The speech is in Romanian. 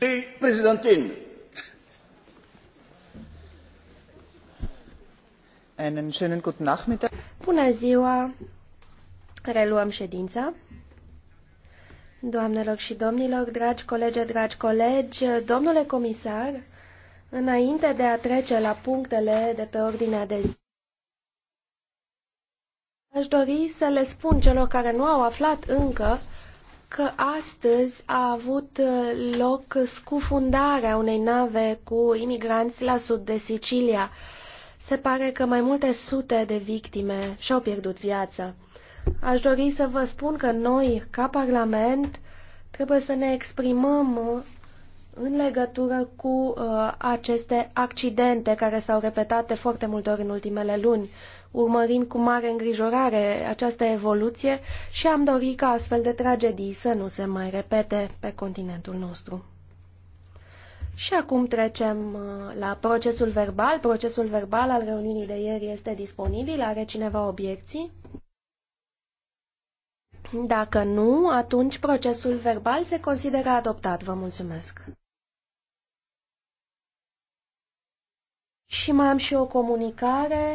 de Präsidentin. Einen schönen guten Nachmittag. Bună ziua. Reluăm ședința. Doamnelor și domnilor, dragi colegi, dragi colegi, domnule comisar, înainte de a trece la punctele de pe ordinea de zi, aș dori să le spun celor care nu au aflat încă că astăzi a avut uh, loc scufundarea unei nave cu imigranți la sud de Sicilia. Se pare că mai multe sute de victime și-au pierdut viața. Aș dori să vă spun că noi, ca Parlament, trebuie să ne exprimăm în legătură cu uh, aceste accidente care s-au repetat de foarte multe ori în ultimele luni. Urmărim cu mare îngrijorare această evoluție și am dorit ca astfel de tragedii să nu se mai repete pe continentul nostru. Și acum trecem uh, la procesul verbal. Procesul verbal al reuniunii de ieri este disponibil. Are cineva obiecții? Dacă nu, atunci procesul verbal se consideră adoptat. Vă mulțumesc. Și mai am și o comunicare.